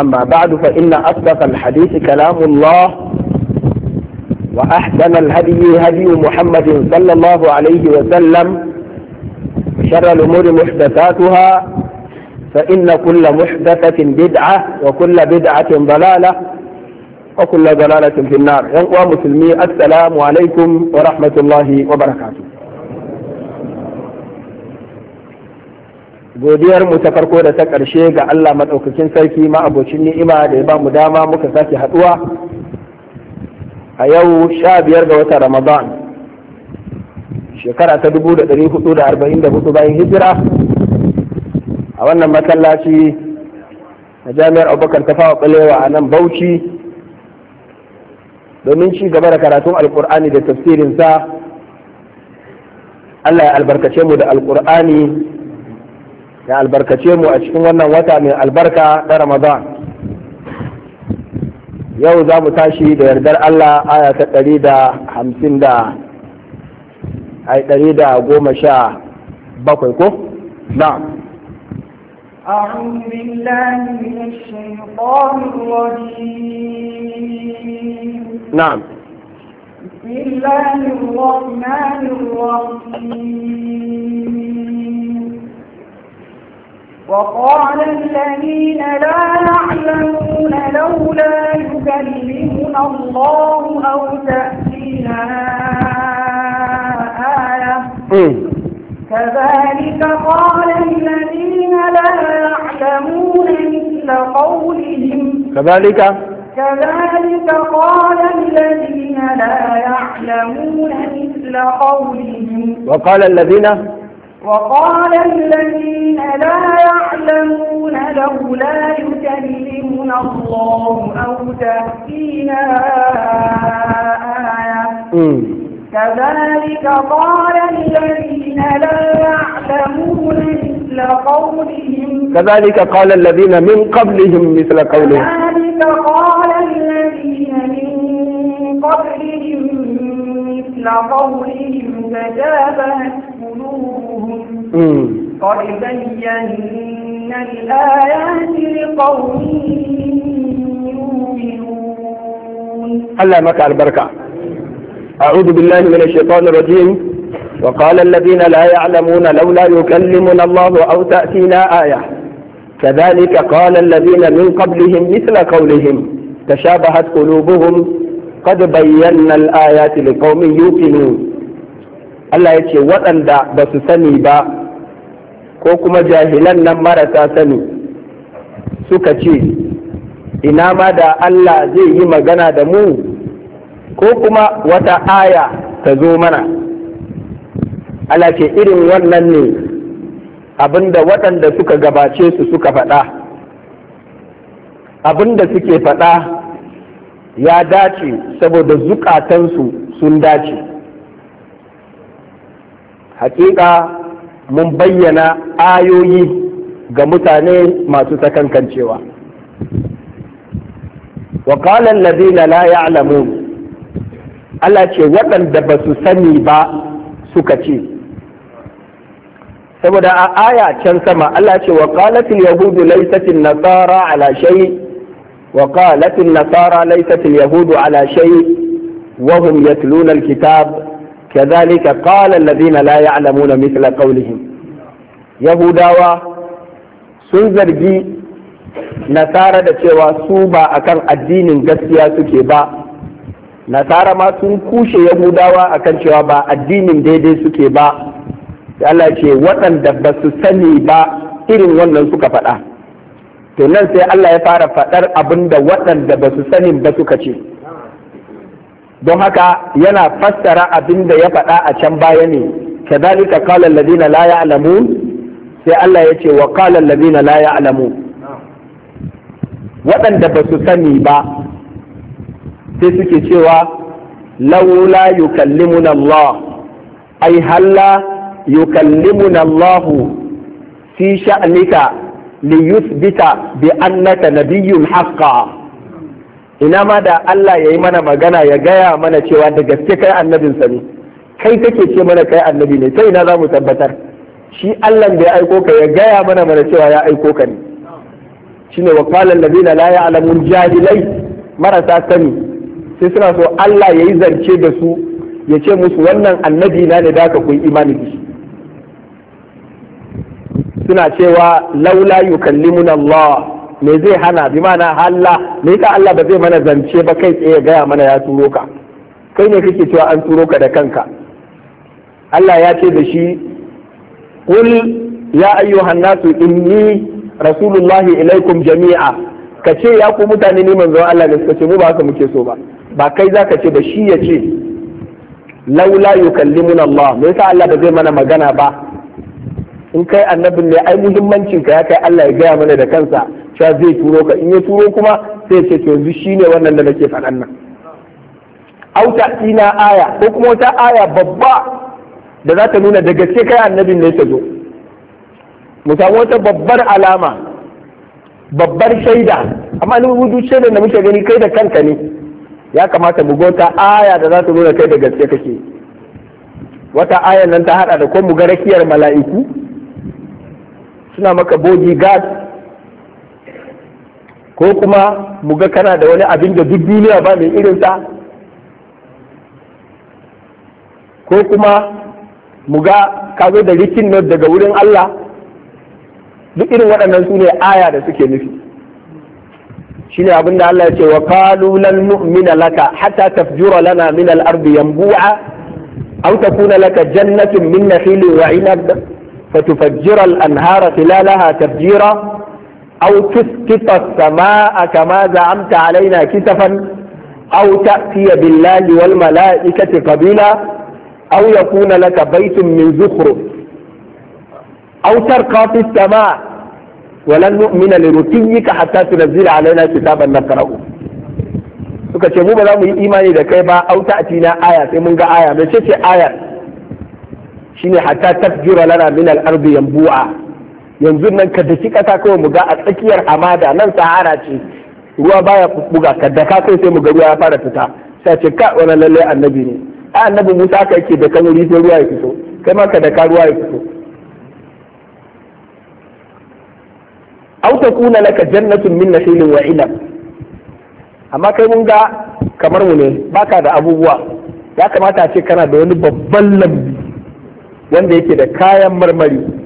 أما بعد فإن أصدق الحديث كلام الله وأحسن الهدي هدي محمد صلى الله عليه وسلم وشر الأمور محدثاتها فإن كل محدثة بدعة وكل بدعة ضلالة وكل ضلالة في النار ومسلمي السلام عليكم ورحمة الله وبركاته godiyar mu ta farko da ta ƙarshe ga Allah maɗaukakin sarki ma abocin ni'ima da ya ba mu dama muka sake haɗuwa a yau sha biyar ga wata Ramadan shekara ta dubu da ɗari hudu da arba'in da hudu bayan hijira a wannan masallaci na jami'ar abubakar ta fawa ɓalewa a nan bauchi domin ci gaba da karatun alƙur'ani da tafsirinsa Allah ya albarkace mu da alƙur'ani ya albarkace mu a cikin wannan wata mai albarka na ramadan yau za mu tashi da yardar allah aya ta ɗari da hamsin da ai ɗari da goma sha bakwai ko na أعوذ بالله من الشيطان الرجيم نعم بسم الله الرحمن الرحيم وقال الذين لا يعلمون لولا يكلمنا الله أو تأتينا آية كذلك قال الذين لا يعلمون مثل قولهم كذلك كذلك قال الذين لا يعلمون مثل قولهم وقال الذين وقال الذين لا يعلمون لولا يكلمنا الله أو تأتينا آية كذلك قال الذين لا يعلمون مثل قولهم كذلك قال الذين من قبلهم مثل قولهم كذلك قال الذين من قبلهم مثل قولهم تجابهت قد بينا الآيات لقوم يؤمنون الله مكع البركة أعوذ بالله من الشيطان الرجيم وقال الذين لا يعلمون لولا يكلمنا الله أو تأتينا آية كذلك قال الذين من قبلهم مثل قولهم تشابهت قلوبهم قد بينا الآيات لقوم يوقنون الله ya ce waɗanda بس su sani ko kuma jahilan nan marasa sani suka ce ina ma da Allah zai yi magana da mu ko kuma wata aya ta zo mana Allah ke irin wannan ne abinda waɗanda suka gabace su suka faɗa abinda suke faɗa ya dace saboda zukatansu sun dace hakika mun bayyana ayoyi ga mutane masu sakankancewa wa qala alladhina la ya'lamun Allah ce waɗanda ba su sani ba suka ce saboda a aya can sama Allah ce wa qalatil yahudu laysatil nasara ala shay wa nasara laysatil yahudu ala shay wa hum yatluna kitab. kazalika qala alladhina la ya'lamuna mithla qawlihim yahudawa sun zargi nasara da cewa su ba akan addinin gaskiya suke ba nasara ma sun kushe yahudawa akan cewa ba addinin daidai suke ba Allah ce waɗanda ba su sani ba irin wannan suka faɗa to nan sai Allah ya fara faɗar abin da waɗanda ba su sani ba suka ce don haka yana fassara abin da ya faɗa a can baya ne kadhalika qala alladhina la ya'lamun sai Allah ya ce wa qala alladhina la ya'lamun waɗanda ba su sani ba sai suke cewa laula yukallimuna Allah ai halla yukallimuna Allah fi sha'nika liyuthbita bi annaka nabiyyun haqqan ina ma da Allah ya yi mana magana ya gaya mana cewa da gaske kai annabinsa ne kai kake ce mana kai annabi ne ta ina za mu tabbatar shi Allah da ya aiko ka ya gaya mana mana cewa ya aiko ka ne shine wa qala alladhina la ya'lamun jahilai marasa sani sai suna so Allah ya yi zance da su ya ce musu wannan annabi na ne da ka kun imani da shi suna cewa laula yukallimuna Allah me zai hana bi mana halla me ka Allah ba zai mana zance ba kai tsaye gaya mana ya turo ka kai ne kake cewa an turo ka da kanka Allah ya ce da shi qul ya ayyuhan nasu inni rasulullahi ilaikum jami'a ka ce ya ku mutane ne manzo Allah ne suka ce mu ba haka muke so ba ba kai zaka ce ba shi ya ce laula yukallimuna Allah me yasa Allah ba zai mana magana ba in kai annabin ne ai muhimmancin ka ya kai Allah ya gaya mana da kansa cewa zai turo ka in ya turo kuma sai ce to yanzu shine wannan da nake faɗan nan auta ina aya ko kuma wata aya babba da za ta nuna daga ce kai annabin ne ta zo mu samu wata babbar alama babbar shaida amma ni mu shaida da muke gani kai da kanka ne ya kamata mu gota aya da za ta nuna kai da gaske kake wata ayan nan ta hada da ko mu ga rakiyar mala'iku suna maka bodyguard ko kuma mu ga kana da wani abin da duk duniya ba mai irinsa ko kuma mu ga ka zo da rikin nan daga wurin Allah duk irin waɗannan su ne aya da suke nufi shi ne abin da Allah ya ce wa kalu lan nu'mina laka hatta tafjura lana min al-ardi yanbu'a laka تكون min nakhilin wa 'inab fatufajjira al-anhara khilalaha tafjira أو تسقط السماء كما زعمت علينا كتفا أو تأتي بالله والملائكة قبيلا أو يكون لك بيت من زخرف أو ترقى في السماء ولن نؤمن لرتيك حتى تنزل علينا كتابا نقرأه suka ce mu ba za mu yi imani da kai ba au ta'ti na aya sai mun ga aya mai ce ce aya shine hatta tafjira lana min al-ardi yanbu'a yanzu nan ka daki kasa kawai mu ga a tsakiyar hamada nan sahara ce ruwa baya buga ka daka kai sai mu ga ruwa ya fara fita sai ce ka wannan lalle annabi ne a annabi Musa ka yake da kan wuri sai ruwa ya fito kai ma ka daka ruwa ya fito aw takuna laka jannatun min nakhilin wa ilam amma kai mun ga kamar mu ne baka da abubuwa ya kamata a ce kana da wani babban lambi wanda yake da kayan marmari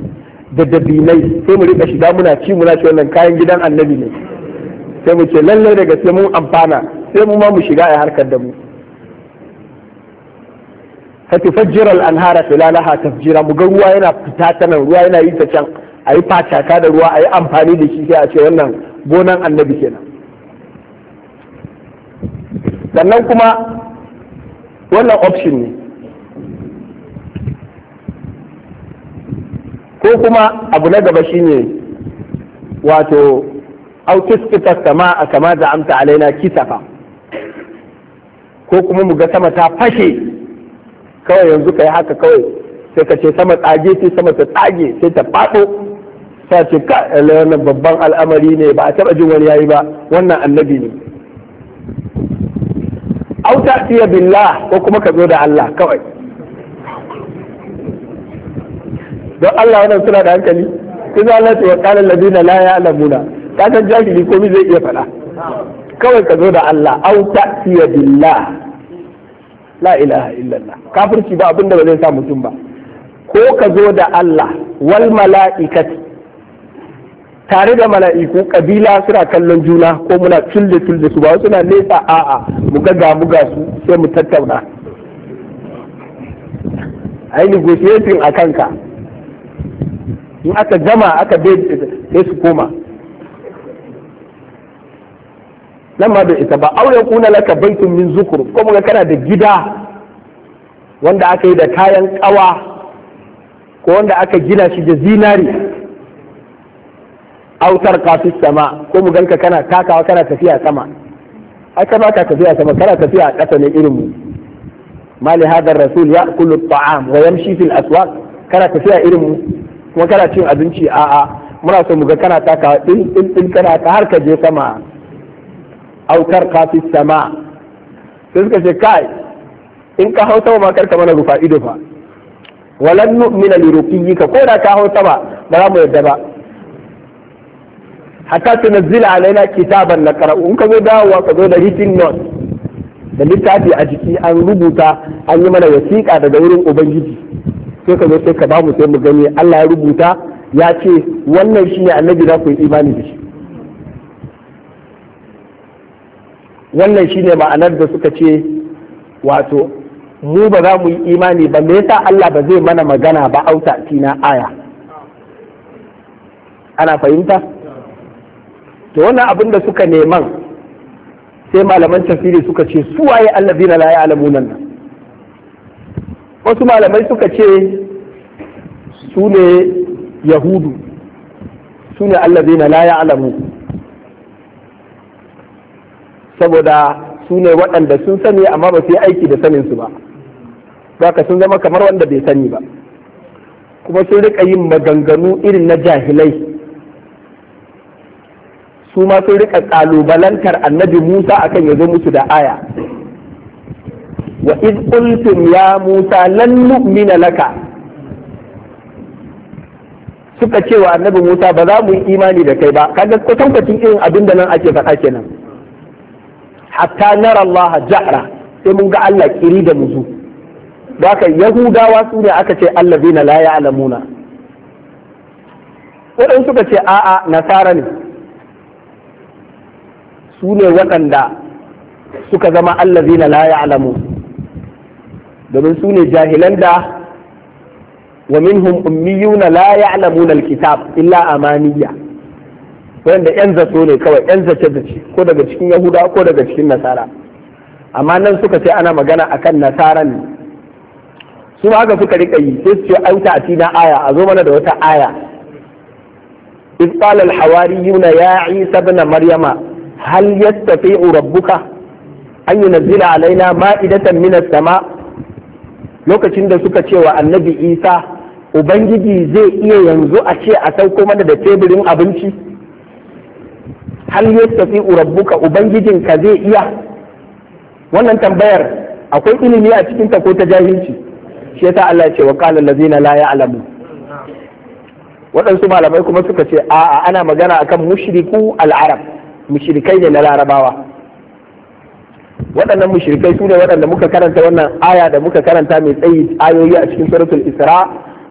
da dabinai sai mu rika shiga muna ci muna ci wannan kayan gidan annabi ne sai mu ce lallai daga sai mun amfana sai mu ma mu shiga a harkar da mu ka tufajjira anhara filalaha tafjira mu ga ruwa yana fita ta nan ruwa yana yi ta can a yi facaka da ruwa a yi amfani da shi sai a ce wannan gonan annabi kenan sannan kuma wannan option ne ko kuma abu na gaba shine wato au tuskita sama a kama da amta alaina kisafa ko kuma mu ga sama ta fashe kawai yanzu ka yi haka kawai sai ka ce sama tsage sai sama ta tsage sai ta faɗo sai ce ka wannan babban al'amari ne ba a taɓa jin wani yayi ba wannan annabi ne auta billah ko kuma ka zo da Allah kawai don Allah wannan suna da hankali sai za Allah ce wa na alladina la Ta ka san jahili komai zai iya faɗa kawai ka zo da Allah au ta'tiya billah la ilaha illallah kafirci ba abinda ba zai sa mutum ba ko ka zo da Allah wal mala'ikati tare da mala'iku kabila suna kallon juna ko muna tulle tulle su ba suna nesa a'a mu ga mu ga su sai mu tattauna ai negotiating a kanka in aka gama aka bai da su koma nan ma da ita ba aure kuna laka baitun min zukur ko muka kana da gida wanda aka yi da kayan kawa ko wanda aka gina shi da zinari autar kafi sama ko mu ganka kana takawa kana tafiya sama ai ka baka tafiya sama kana tafiya a ne irin mu mali hadar rasul ya kullu ta'am wa yamshi fil aswaq kana tafiya irin mu kuma kana cin abinci a muna so mu ga kana taka din din din kana ta har ka je sama aukar kafi sama sai suka ce kai in ka hau sama ma kar ka mana rufa ido fa walan nu'mina li ruqiyika ko da ka hau sama ba za mu yadda ba hatta tunzila alaina kitaban naqra'u in ka zo dawowa ka zo da written note da littafi a jiki an rubuta an yi mana wasiƙa daga wurin ubangiji sai ka zo sai ka bamu sai mu gani Allah ya rubuta ya ce wannan shine annabi za ku yi imani da shi wannan shine ma'anar da suka ce wato mu ba za mu yi imani ba me yasa Allah ba zai mana magana ba auta tina aya ana fahimta to wannan abin da suka neman sai malaman tafsiri suka ce su waye allazina la ya'lamuna nan wasu malamai suka ce su ne yahudu su ne allazina la ya'lamu saboda su ne waɗanda sun sani amma ba su yi aiki da sanin su ba ka sun zama kamar wanda bai sani ba kuma sun rika yin maganganu irin na jahilai su ma sun rika kalubalantar annabi musa akan ya zo musu da aya wa iz qultum ya musa lan nu'mina laka suka ce annabi musa ba za mu yi imani da kai ba kaga kwatankwacin irin abin da nan ake faɗa kenan hatta nara Allah jahra sai mun ga Allah kiri da muzu da yahudawa su ne aka ce allazina la ya'lamuna wadan suka ce a'a nasara ne su ne waɗanda suka zama allazina la ya'lamu domin su ne jahilan da wa minhum ummiyuna la ya'lamuna alkitab illa amaniya wanda yan zato ne kawai yan zace zace ko daga cikin yahuda ko daga cikin nasara amma nan suka ce ana magana akan nasaran ne su haka suka rika yi sai su ce auta a tina aya a zo mana da wata aya إذ قال الحواريون يا عيسى ابن مريم هل يستطيع ربك أن ينزل علينا مائدة من السماء lokacin da suka cewa annabi isa ubangiji zai iya yanzu a ce a sauko mana da teburin abinci hal yastafi rabbuka ka zai iya wannan tambayar akwai ilimi a cikin ta ko ta jahilci shi yasa Allah ya ce wa qala allazina la ya'lamu waɗansu malamai kuma suka ce a'a ana magana akan mushriku al-arab mushrikai ne na larabawa waɗannan mushrikai su ne waɗanda muka karanta wannan aya da muka karanta mai tsayi ayoyi a cikin suratul isra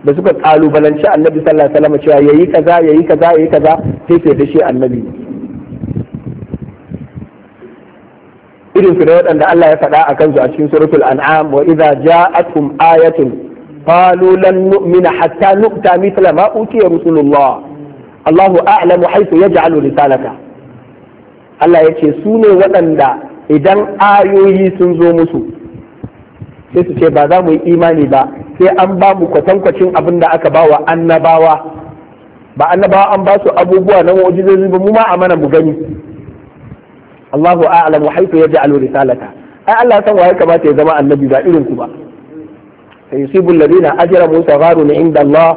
da suka kalubalanci annabi sallallahu alaihi wasallam cewa yayi kaza yayi kaza yayi kaza sai sai da shi annabi irin su ne waɗanda Allah ya faɗa a kansu a cikin suratul an'am wa idza ja'atkum ayatun قالوا لن نؤمن حتى نؤتى مثل ما أوتي رسول Allahu, الله أعلم حيث يجعل رسالته Allah ya ce su ne waɗanda idan ayoyi sun zo musu sai su ce ba za mu yi imani ba sai an ba mu kwatankwacin abin da aka ba wa annabawa ba annabawa an ba su abubuwa na mu'jizozi ba mu ma a mana mu gani Allahu a'lamu haythu yaj'alu risalata ai Allah san wa ya kamata ya zama annabi ba irin ku ba sayusibu alladhina ajramu na inda Allah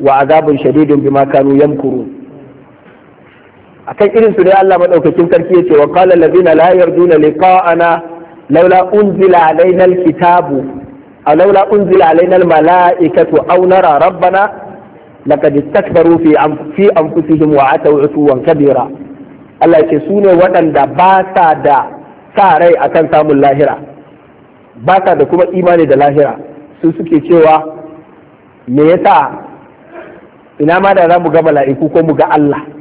wa azabun shadidun bima kanu yamkurun akan irin su ne Allah madaukakin sarki yace wa qala allazina la yarjuna liqa'ana laula unzila alaina alkitabu aw laula unzila alaina almalaikatu aw nara rabbana laqad istakbaru fi fi anfusihim wa ataw utuwan kabira Allah yace su ne waɗanda ba sa da sa rai akan samun lahira ba sa da kuma imani da lahira su suke cewa me yasa ina ma da za mu ga mala'iku ko mu ga Allah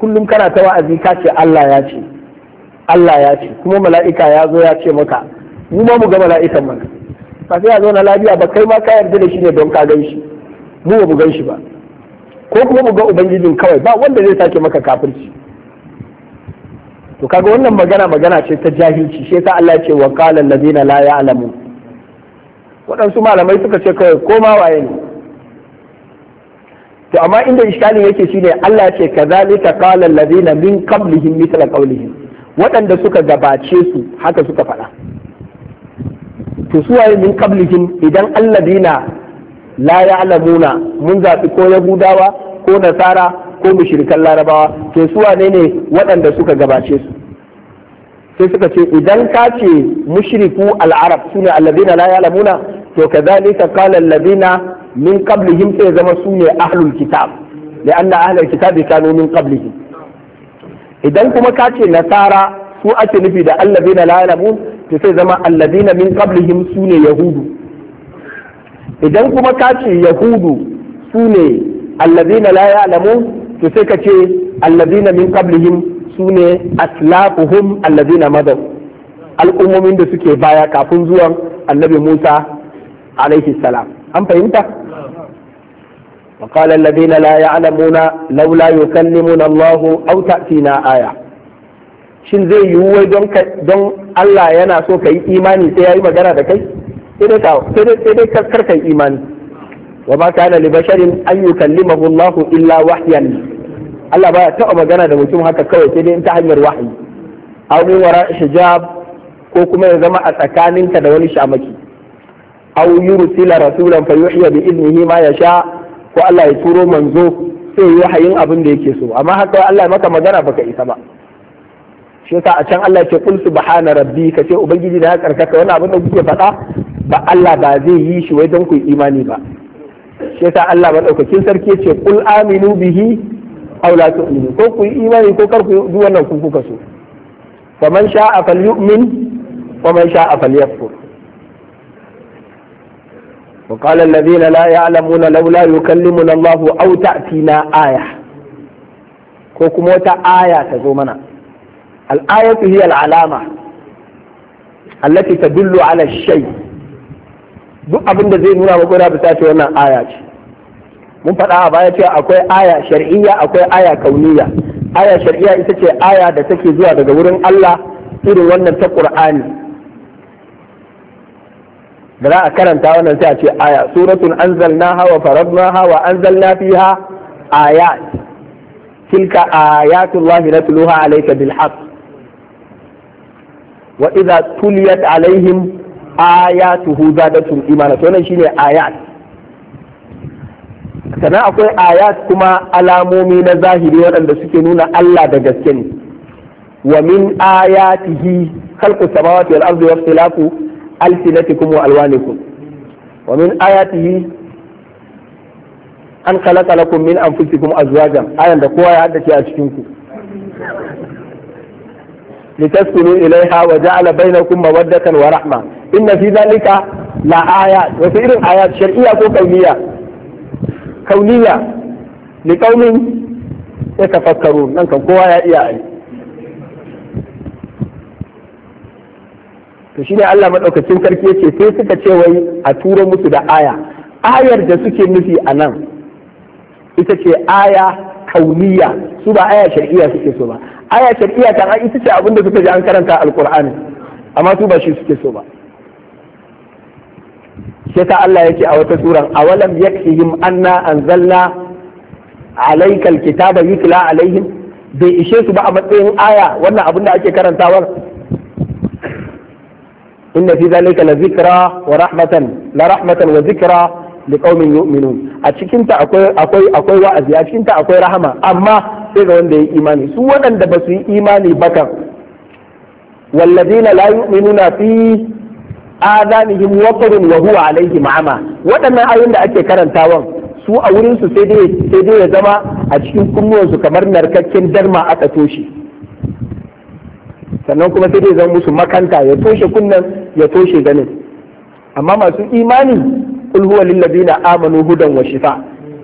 kullum kana ta wa'azi ka ce Allah ya ce Allah ya ce kuma mala'ika ya zo ya ce maka mu ma mu ga mala'ikan mana ba sai ya zo na lafiya ba kai ma ka yarda da shi ne don ka gan shi mu ba mu gan shi ba ko kuma mu ga ubangijin kawai ba wanda zai sake maka kafirci to kaga wannan magana magana ce ta jahilci shi yasa Allah ya ce wa qala allazina la ya'lamun waɗansu malamai suka ce kawai koma waye ne to amma inda iskalin yake shine Allah ce kazalika qala allazina min qablihim mithla qawlihim waɗanda suka gabace su haka suka faɗa to suwaye min qablihim idan allazina la ya'lamuna mun zaɓi ko yahudawa ko nasara ko mushrikan larabawa to suwa ne waɗanda suka gabace su sai suka ce idan ka ce mushriku al'arab su ne allazina la ya'lamuna to kadhalika qala alladhina min qablihim sai zama su ne ahlul kitab lianna ahlul kitab kanu min qablihim idan kuma ka ce nasara su ake nufi da alladhina la ya'lamun to sai zama alladhina min qablihim su ne yahudu idan kuma ka ce yahudu su ne alladhina la ya'lamun to sai ka ce alladhina min qablihim su ne aslafuhum alladhina madaw al'ummomin da suke baya kafin zuwan annabi Musa alaihi salam an fahimta وقال الذين لا يعلمون لولا يكلمنا الله أو تأتينا آية shin zai yiwu wai don Allah yana so ka yi imani sai ya yi magana da kai sai dai karkar ka yi imani wa ma kana li basharin an yukallimahu Allah illa wahyan Allah baya taɓa magana da mutum haka kawai sai dai ta hanyar wahayi aw min wara ko kuma ya zama a tsakaninka da wani shamaki aw yursila rasulan fa yuhya bi iznihi ma yasha ko Allah ya turo manzo sai yi hayin abin da yake so amma haka Allah maka magana baka isa ba shi yasa a can Allah ce kul subhana rabbi ka ce ubangiji da ya karkaka wannan abin da kuke faɗa ba Allah ba zai yi shi wai don ku imani ba shi yasa Allah madaukakin sarki ya ce kul aminu bihi aw la tu'minu ko ku imani ko kar ku duk wannan ku kuka so faman sha'a falyu'min wa man sha'a falyakfur وقال الذين لا يعلمون لولا يكلمنا الله أو تأتينا آية كوكمو آية تزومنا الآية هي العلامة التي تدل على الشيء duk abin da zai nuna maka da ta ce wannan aya ce mun faɗa a baya cewa akwai aya shar'iyya akwai aya kauniya aya shar'iyya ita ce aya da take zuwa daga wurin Allah irin wannan ta Qur'ani da za a karanta wannan sai a ce aya suratun anzalnaha wa faradnaha wa anzalna fiha ayat tilka ayatullahi natluha alayka bil haqq wa idza tuliyat alaihim ayatuhu zadatum imana to nan shine ayat sannan akwai ayat kuma alamomi na zahiri waɗanda suke nuna Allah da gaske ne wa min ayatihi khalqu samawati wal ardi wa ikhtilafu ألسنتكم وألوانكم ومن آياته an khalaqa lakum min anfusikum azwajan ayan da kowa ya haddace a cikin ku litaskunu ilaiha wa ja'ala bainakum mawaddatan wa rahma inna fi dhalika la aya wa irin ayat shar'iyya ko kauniya kauniya li qaumin yatafakkarun nan kan kowa ya iya ai to ne Allah madaukakin sarki yace sai suka ce wai a turo musu da aya ayar da suke nufi a nan ita ce aya kauniya su ba aya shar'iyya suke so ba aya shar'iyya kan ita ce abinda suka ji an karanta Alƙur'ani amma su ba shi suke so ba sai ta Allah yake a wata suran awalam yakfihim anna anzalna alaikal, kitaba yutla alaihim bai ishe su ba a matsayin aya wannan abinda da ake karantawa inna fi zalika la zikra wa rahmatan la rahmatan wa zikra li qaumin yu'minun a cikin akwai wa'azi a cikin ta akwai rahama amma sai ga wanda ya imani su waɗanda ba su yi imani ba kan na لا يؤمنون في آذانهم وقر وهو عليهم أعمى waɗannan ayoyin da ake karantawan su a wurinsu sai dai ya zama a cikin kunnuwansu kamar narkakken darma aka toshe sannan kuma sai dai zan musu makanta ya toshe kunnan ya toshe ganin amma masu imani kul huwa lil ladina amanu hudan wa shifa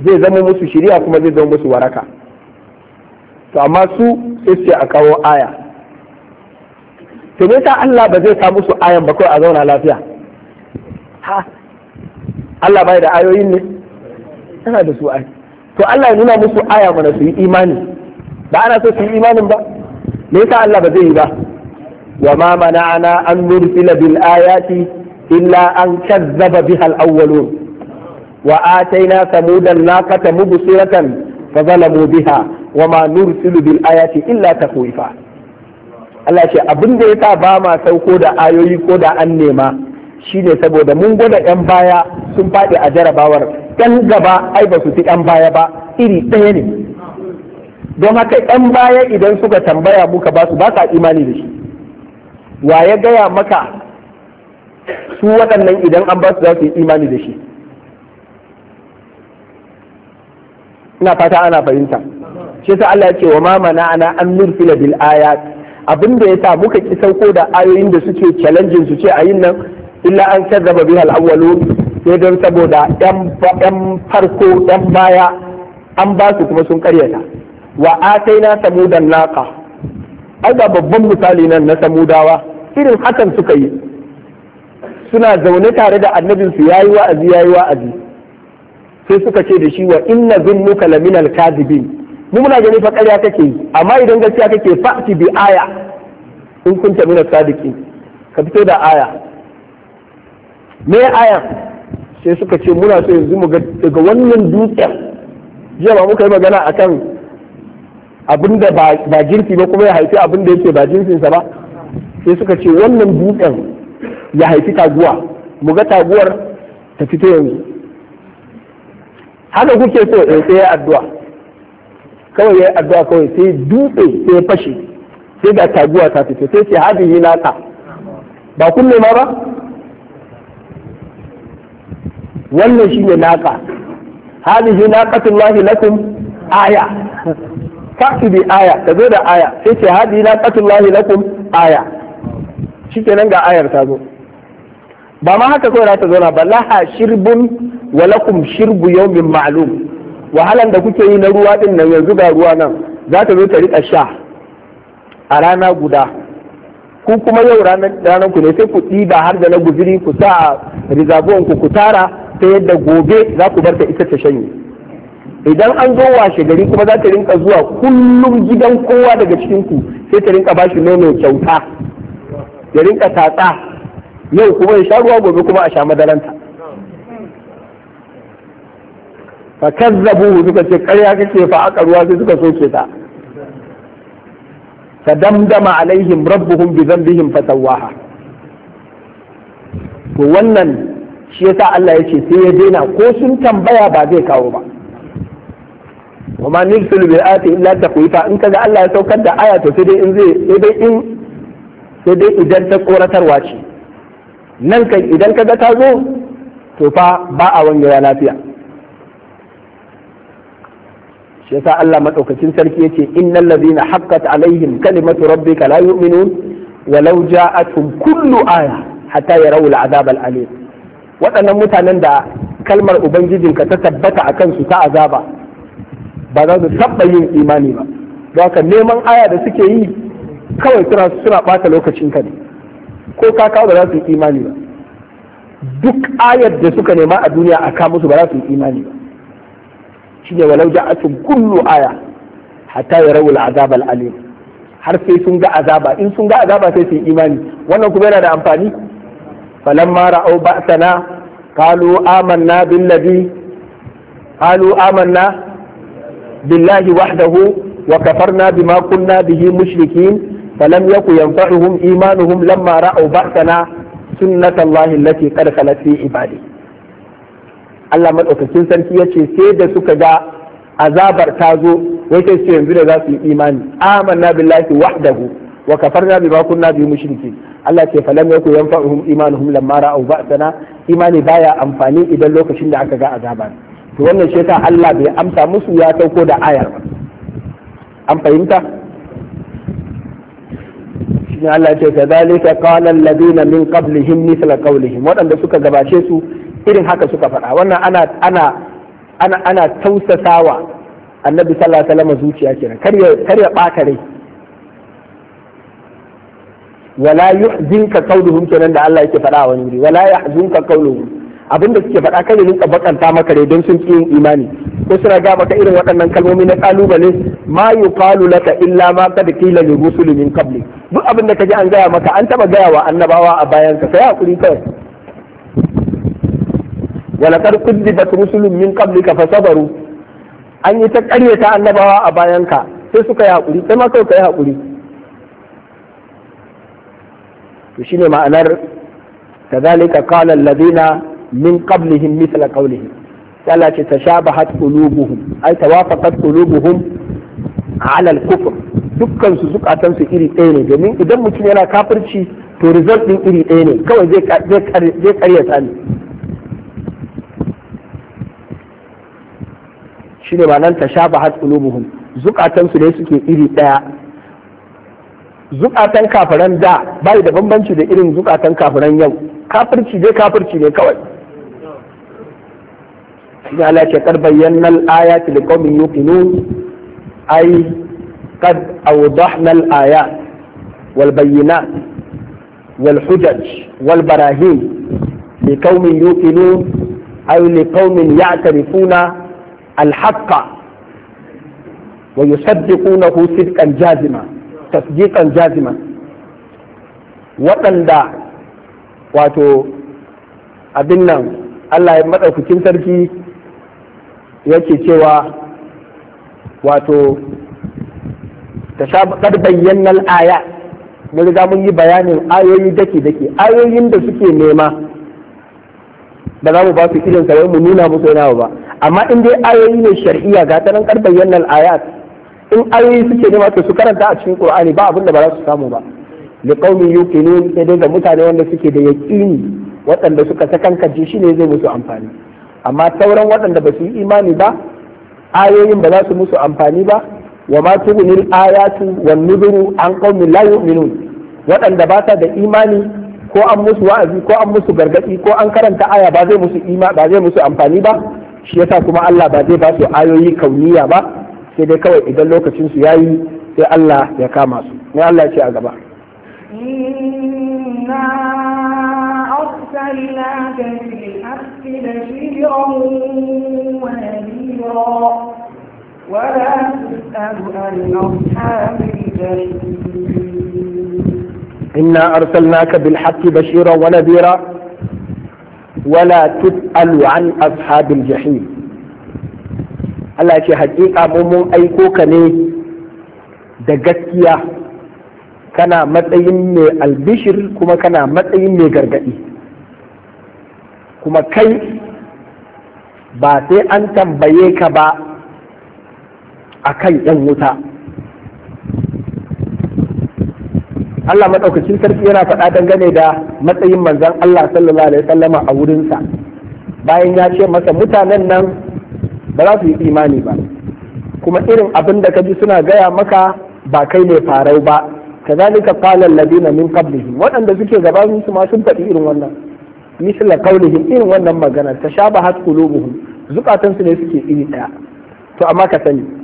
zai zama musu shiriya kuma zai zama musu waraka to amma su sai su a kawo aya to me sa Allah ba zai sa musu ayan ba kawai a zauna lafiya ha Allah bai da ayoyin ne yana da su ai to Allah ya nuna musu aya mana su yi imani ba ana so su yi imanin ba me sa Allah ba zai yi ba wa ma mana'ana an nursila bil ayati illa an kazzaba biha al awwalun wa ataina samuda naqata mubsiratan fa zalamu biha wa ma nursilu bil ayati illa takwifa Allah ce abin da yasa ba ma sauko da ayoyi ko da an nema shine saboda mun gwada yan baya sun faɗi a jarabawar yan gaba ai ba su fi yan baya ba iri ɗaya ne don haka yan baya idan suka tambaya muka basu su ba imani da shi wa ya gaya maka su waɗannan idan an ba su za su yi imani da shi ina fata ana fahimta shi sa Allah ya ce wa ma ana an nurfila bil ayat abin da yasa muka ki sauko da ayoyin da suke challenging su ce a yin nan illa an kazzaba biha al awwalu sai don saboda yan farko yan baya an ba su kuma sun karyata wa ataina samudan naqa ai ga babban misali nan na samudawa irin hakan suka yi suna zaune tare da annabinsu ya yi wa'azi ya yi wa'azi sai suka ce da shi wa inna zunnuka laminal kadibin mu muna gani fa ƙarya kake yi amma idan gaskiya kake fa'ti bi aya in kunta minal sadiqin ka fito da aya me aya sai suka ce muna so yanzu mu daga wannan dutsen jiya ba muka yi magana akan abin da ba jinsi ba kuma ya haifi abin da yake ba jinsinsa ba sai suka ce wannan dutsen ya haifi taguwa mu ga taguwar ta fito yanzu haka kuke so eh sai ya addu'a kawai ya addu'a kawai sai dutse sai ya fashe sai da taguwa ta fito sai ce hadin yi naka ba kunne ma ba wannan shi ne naka hadin yi naqatullahi lakum aya fa'ti aya ka zo da aya sai ce hadin yi naqatullahi lakum aya nan ga ayar ta zo ba ma haka kawai za ta zauna ba laha shirbun wa lakum shirbu yaumin ma'lum wahalan da kuke yi na ruwa din nan yanzu ga ruwa nan za ta zo ta riƙa sha a rana guda ku kuma yau ranar ku ne sai ku ɗiba har da na guziri ku sa a rizabuwan ku ku tara ta yadda gobe za ku bar ta ita ta shanye idan an zo washe gari kuma za ta rinka zuwa kullum gidan kowa daga cikin ku sai ta rinka bashi nono kyauta ya rinka tatsa yau kuma ya sha ruwa gobe kuma a sha madaranta fa kazzabu suka ce karya kake fa aka ruwa sai suka soke ta fa damdama alaihim rabbuhum bi dhanbihim fatawaha to wannan shi yasa Allah ya ce sai ya daina ko sun tambaya ba zai kawo ba wa ma sulbe a ayati illa taqwifa in kaga Allah ya saukar da aya to sai dai in zai sai dai in sai dai idan ta tsoratarwa ce nan kai idan kaga ta zo to fa ba a wangewa lafiya shi yasa Allah madaukakin sarki yace innal ladina haqqat alaihim kalimatu rabbika la yu'minun walau ja'atuhum kullu aya hatta yarau al'azab al'alim waɗannan mutanen da kalmar ubangijinka ta tabbata a kansu ta azaba ba za su taɓa yin imani ba don ka neman aya da suke yi kawai suna suna ɓata ka ne ko ka kawo ba za su yi imani ba duk ayar da suka nema a duniya a kawo musu ba za su yi imani ba shi ne walau asu kullu aya hatta rawul azab al-alim har sai sun ga azaba in sun ga azaba sai su yi imani wannan kuma yana da amfani falamma ra'au ba'sana qalu amanna billadhi qalu amanna billahi wahdahu wa kafarna bima kunna bihi mushrikin falam yaku yanfa'uhum imanuhum lamma ra'u ba'sana sunnatullahi allati qad khalat fi ibadi Allah madaukakin sarki ya ce sai da suka ga azabar ta zo wai sai su yanzu da za su yi imani amanna billahi wahdahu wa kafarna bima kunna bi mushriki Allah ce falam yaku yanfa'uhum imanuhum lamma ra'u ba'sana imani baya amfani idan lokacin da aka ga azaba to wannan shi Allah bai amsa musu ya sauko da ayar ba an fahimta ne Allah ce ka zalika qala alladhina min qablihim mithla qawlihim waɗanda suka gabace su irin haka suka faɗa wannan ana ana ana ana tausasawa annabi sallallahu alaihi wasallam zuciya kenan kar ya kar ya bata rai wala yuhzinka qawluhum kenan da Allah yake faɗa wani wuri wala yahzunka qawluhum abinda da suke faɗa kan ya rinka bakanta maka rai don sun ƙi yin imani ko suna ga maka irin waɗannan kalmomi na ƙalubale ma yuqalu laka illa ma qad qila li rusuli min qablik duk abin da kaji an gaya maka an taba gaya wa annabawa a bayan ka sai hakuri kawai wala kar kudibat rusulun min qablika fasabaru an yi ta karyata annabawa a bayan ka sai suka yi hakuri sai ma kawai kai hakuri to shine ma'anar kadhalika qala alladhina min qablihim mithla qawlihim Allah ce tashabahat qulubuhum ay tawafaqat qulubuhum ala al-kufr dukkan su zukatan su iri ɗaya ne domin idan mutum yana kafirci to result din iri ɗaya ne kawai zai karyata ne shi ne nan ta shafa hatsulubuhum zukatan su ne suke iri ɗaya zukatan kafiran da bai da bambanci da irin zukatan kafiran yau kafirci dai kafirci ne kawai shi ne ke ce kar bayyana ayati liqawmin yuqinun ay قد أوضحنا الآيات والبينات والحجج والبراهين لقوم يوقنون أو لقوم يعترفون الحق ويصدقونه صدقا جازما تصديقا جازما waɗanda واتو abin nan Allah ya maɗaukakin sarki yake واتو ta sha kar bayyanar aya mun riga mun yi bayanin ayoyi dake dake ayoyin da suke nema ba za mu ba su irin sa mu nuna musu yana ba amma in dai ayoyi ne shar'iyya ga ta nan kad ayat in ayoyi suke nema to su karanta a cikin qur'ani ba abin da ba za su samu ba qaumi yuqinun sai dai ga mutane wanda suke da yaqini waɗanda suka ji shi ne zai musu amfani amma sauran waɗanda ba su yi imani ba ayoyin ba za su musu amfani ba wa ma tughnil ayatu wan nuduru an qaumin la yu'minun waɗanda ba sa da imani ko an musu wa'azi ko an musu gargadi ko an karanta aya ba zai musu ima ba zai musu amfani ba shi yasa kuma Allah ba zai ba su ayoyi kauniya ba sai dai kawai idan lokacin su yayi sai Allah ya kama su ne Allah ya ce a gaba ولا تسأل عن أصحاب الجحيم إنا أرسلناك بالحق بشيرا ونذيرا ولا تسأل عن أصحاب الجحيم Allah ce hakika mun aiko ka ne da gaskiya kana matsayin mai albishir kuma kana matsayin mai gargadi kuma kai ba sai an tambaye ka ba a kan ‘yan wuta. Allah maɗaukacin sarki yana faɗa dangane da matsayin manzan Allah sallallahu alaihi sallama a wurinsa bayan ya ce masa mutanen nan ba za su yi imani ba kuma irin abin da ka ji suna gaya maka ba kai ne farau ba ka falon alladina min qablihim waɗanda suke gabanin su ma sun faɗi irin wannan misla qaulihim irin wannan magana ba qulubuhum zukatan zukatansu ne suke iri ɗaya to amma ka sani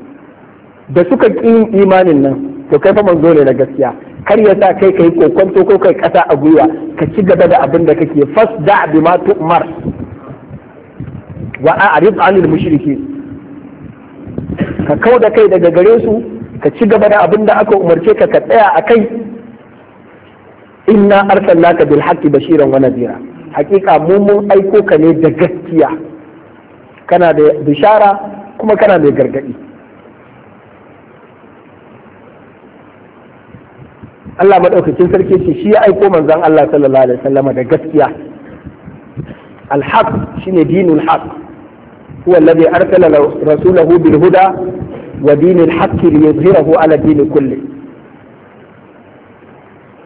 da suka ƙi imanin nan to kai fa manzo ne na gaskiya kar ya sa kai kai kokonto ko kai kasa a gwiwa ka ci gaba da abin da kake fasda bi ma tu'mar wa a'rid 'anil mushriki ka kau da kai daga gare su ka ci gaba da abin da aka umarce ka ka tsaya a kai inna arsalnaka bil haqqi bashiran wa nadira hakika mu mun aiko ka ne da gaskiya kana da bishara kuma kana mai gargadi Allah madaukakin sarki ce shi ya aiko manzon Allah sallallahu alaihi wasallam da gaskiya al-haq shine dinul haq huwa alladhi arsala rasulahu bil huda wa dinil haqq liyuzhirahu ala din kulli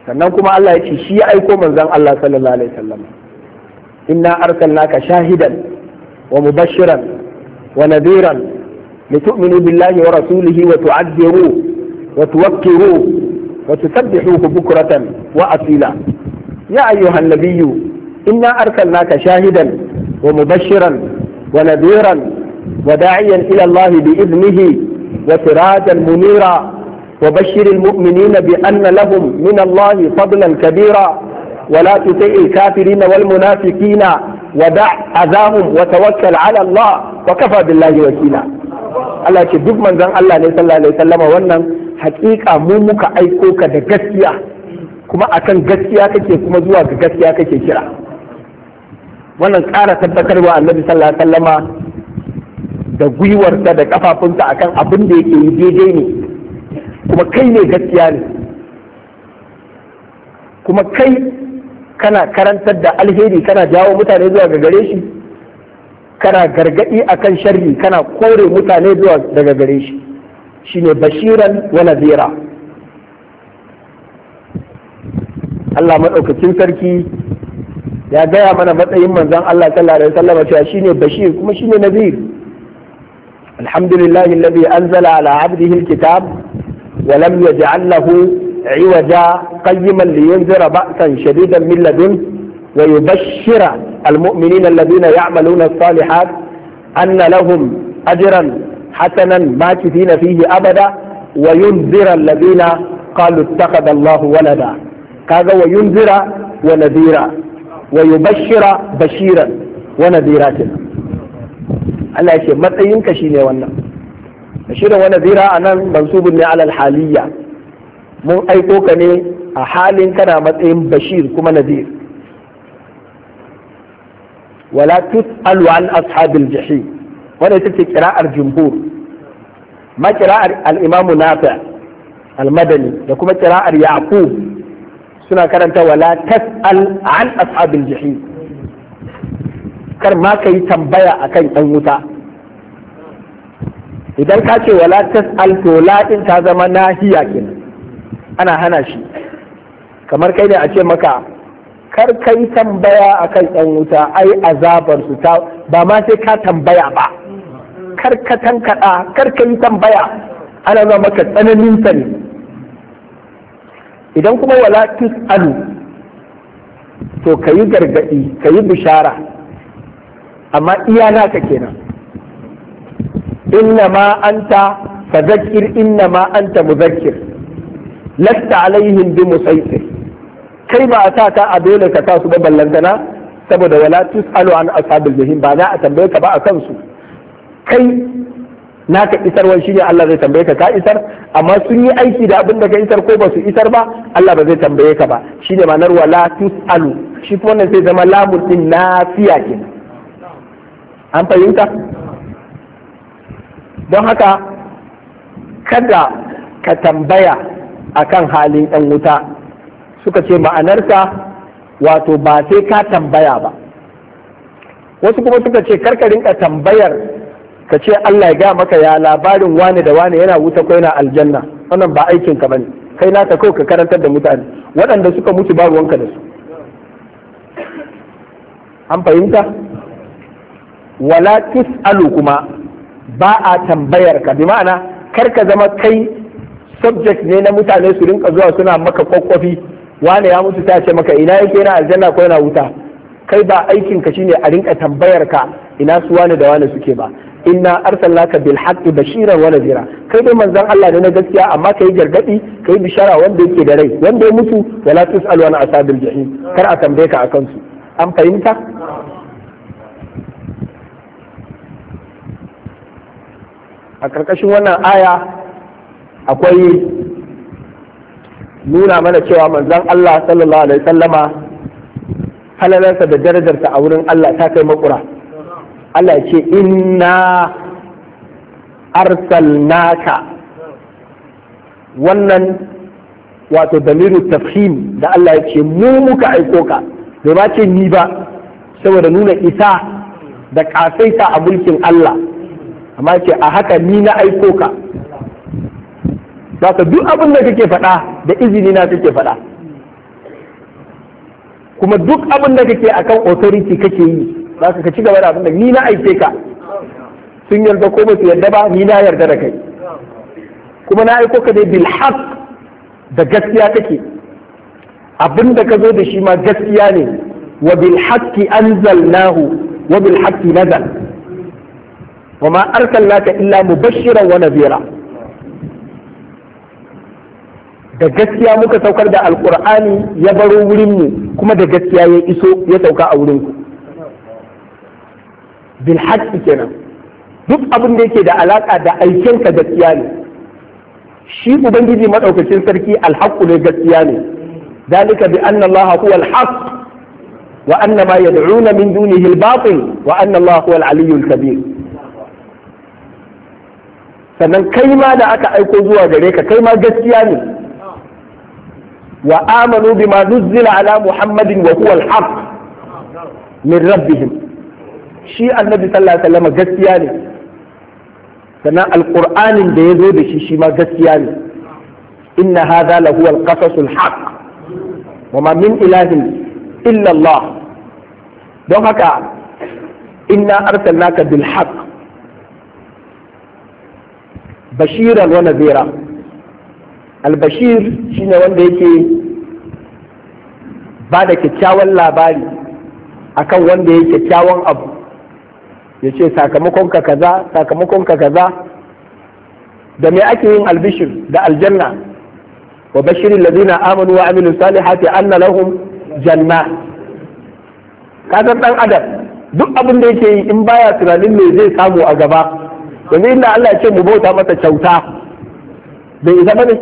sannan kuma Allah ya ce shi ya aiko manzon Allah sallallahu alaihi wasallam inna arsalnaka shahidan wa mubashiran wa nadhiran litu'minu billahi wa rasulihi wa tu'adhiru wa tuwakkiru وتسبحوه بكرة وأصيلا يا أيها النبي إنا أرسلناك شاهدا ومبشرا ونذيرا وداعيا إلى الله بإذنه وسراجا منيرا وبشر المؤمنين بأن لهم من الله فضلا كبيرا ولا تطع الكافرين والمنافقين ودع أذاهم وتوكل على الله وكفى بالله وكيلا Allah ce duk manzon Allah ne sallallahu alaihi wasallama wannan haƙiƙa mu muka aiko ka da gaskiya kuma akan gaskiya kake kuma zuwa ga gaskiya kake kira wannan ƙara tabbatarwa annabi sallallahu alaihi wasallama da gwiwarsa da kafafunsa akan abin da yake yi daidai ne kuma kai ne gaskiya ne kuma kai kana karantar da alheri kana jawo mutane zuwa ga gare shi kana gargaɗi akan sharri kana kore mutane zuwa daga gare shi shine bashiran wa nadhira Allah madaukakin sarki ya gaya mana matsayin manzon Allah sallallahu alaihi wasallam cewa shine bashir kuma shine nadhir alhamdulillahi alladhi anzala ala abdihi alkitab wa lam yaj'al lahu عوجا قيما لينذر بأسا شديدا من لدنه ويبشر المؤمنين الذين يعملون الصالحات أن لهم أجرا hasanan makifina fihi abada wa yunzira alladhina qalu ittakhadha Allahu walada kaga wa yunzira wa nadira bashiran wa Allah ya ce matsayinka ne wannan bashiran wa nadira anan mansubun ne alal haliyya mun aiko ka ne a halin kana matsayin bashir kuma nadir wala tus'alu an ashabil jahim wanda ita ce kira'ar jumhur ma kira'ar al nafi' al-madani da kuma kira'ar yaqub suna karanta wala tas'al an ashabil jahim kar ma ka yi tambaya akan ɗan wuta idan ka ce wala tas'al to laɗin ta zama nahiya kenan ana hana shi kamar kai ne a ce maka kar yi tambaya akan ɗan wuta ai azabar su ta ba ma sai ka tambaya ba karkatan kaɗa karka yi tambaya ana zama maka tsananin sani ne idan kuma wala alu to ka yi gargaɗi ka yi bishara amma iya naka kenan inna ma anta fadhakkir inna ma anta mudhakkir lasta alaihim bi musaitir kai ba a sa ka a dole ka sa su ba ballantana saboda wala tus'alu an ashabil jahim ba za a tambaye ka ba a kansu kai naka isarwar shi ne Allah zai tambaye ka ka isar amma sun yi aiki da abin da ka isar ko ba su isar ba Allah ba zai tambaye ka ba shi ne ma'anar wala tusalu shi kuma wannan sai zama lamun din nafiya ke an fahimta don haka kada ka tambaya akan halin ɗan wuta suka ce ma'anarsa wato ba sai ka tambaya ba wasu kuma suka ce karka rinka tambayar ka ce Allah ya gaya maka ya labarin wani da wani yana wuta ko yana aljanna wannan ba aikin ka bane kai naka kawai ka karantar da mutane waɗanda suka mutu ba ruwanka da su an fahimta wala tis'alu kuma ba a tambayar ka bi ma'ana kar ka zama kai subject ne na mutane su rinka zuwa suna maka kwakwafi wane ya mutu ta ce maka ina yake yana aljanna ko yana wuta kai ba aikin ka shine a rinka tambayar ka ina su wane da wane suke ba inna arsalaka bil haqqi bashiran wa nadhira kai dai manzon Allah ne na gaskiya amma kai gargadi kai bishara wanda yake da rai wanda ya mutu wala tusalu an asabil jahim kar a tambaye ka akan su an fahimta a karkashin wannan aya akwai nuna mana cewa manzon Allah sallallahu alaihi sallama halalarsa da darajarsa a wurin Allah ta kai makura Allah ya ce inna arsalnaka wannan wato damiru tafhim da Allah ya ce mu muka aiko ka bai ba ce ni ba saboda nuna isa da kasaita a mulkin Allah amma ce a haka ni na aiko ka ba duk abin da kake faɗa da izini na kake faɗa kuma duk abin da kake akan authority kake yi za ka ci gaba da abin da ni na aike ka sun yarda ko ba su yarda ba ni na yarda da kai kuma na aiko ka dai bil haq da gaskiya kake abin da ka zo da shi ma gaskiya ne wa bil haqqi anzalnahu wa bil haqqi nazal wa ma arsalnaka illa mubashiran wa nadhira da gaskiya muka saukar da alqur'ani ya baro wurin mu kuma da gaskiya ya iso ya sauka a wurin ku بالحق kenan duk abin da yake da alaƙa da aikinka gaskiya ne shi ubangiji maɗaukacin sarki alhaƙu ne gaskiya ne ذلك بأن الله هو الحق وأن ما يدعون من دونه الباطل وأن الله هو العلي الكبير فمن كيما لا أكا أيكو زوا جريكا كيما جسياني وآمنوا بما نزل على محمد وهو الحق من ربهم shi annabi sallallahu alaihi wasallam gaskiya ne sannan alqur'anin da ya zo da shi shi ma gaskiya ne inna hadha lahu alqasasul haqq wa ma min ilahin illa Allah don haka inna arsalnaka bil haqq bashiran wa nadhira albashir shine wanda yake ba da kyakkyawan labari akan wanda yake kyakkyawan abu ya ce sakamakonka kaza sakamakonka kaza da me ake yin albishir da aljanna wa bashirin ladina amanu wa amilu salihati anna lahum janna ka san dan adam duk abin da yake yi in baya tunanin me zai samu a gaba yanzu inda Allah ya ce mu bauta masa kyauta bai isa ba ne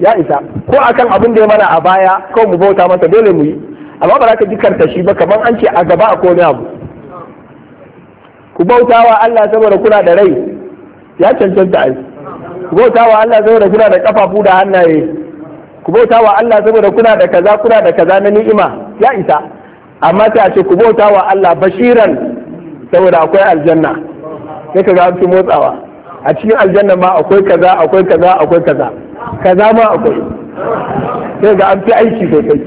ya isa ko akan abin da ya mana a baya ko mu bauta masa dole mu yi amma ba za ka ji karta shi ba kamar an ce a gaba a komai abu ku bautawa Allah saboda kuna da rai ya cancanta ai ku bautawa Allah saboda kuna da kafafu da hannaye ku bautawa Allah saboda kuna da kaza kuna da kaza na ni'ima ya isa amma ta ce ku bautawa Allah bashiran saboda akwai aljanna sai ka ga su motsawa a cikin aljanna ma akwai kaza akwai kaza akwai kaza kaza ma akwai sai ga an fi aiki sosai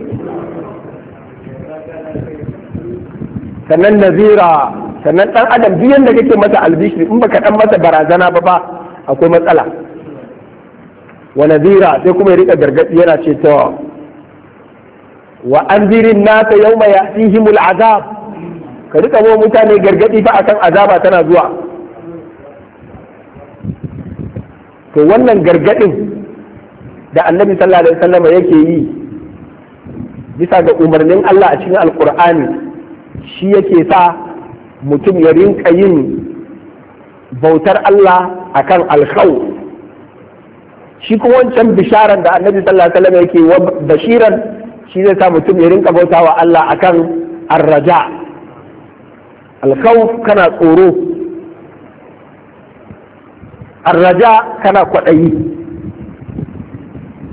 sannan nazira sannan ɗan adam duk yadda kake masa albishiri in baka ɗan masa barazana ba ba akwai matsala wa nazira sai kuma ya rika gargaɗi yana ce to wa anzirin nasa yawma ya'tihimul azab ka rika mu mutane gargaɗi fa akan azaba tana zuwa to wannan gargaɗin da annabi sallallahu alaihi wasallam yake yi bisa ga umarnin Allah a cikin alkur'ani shi yake sa mutum ya rinka yin bautar Allah akan alkhaw shi kuma wancan bisharan da annabi sallallahu alaihi wasallam yake wa bashiran shi zai sa mutum ya rinka bautawa Allah akan arraja alkhawf kana tsoro arraja kana kwaɗayi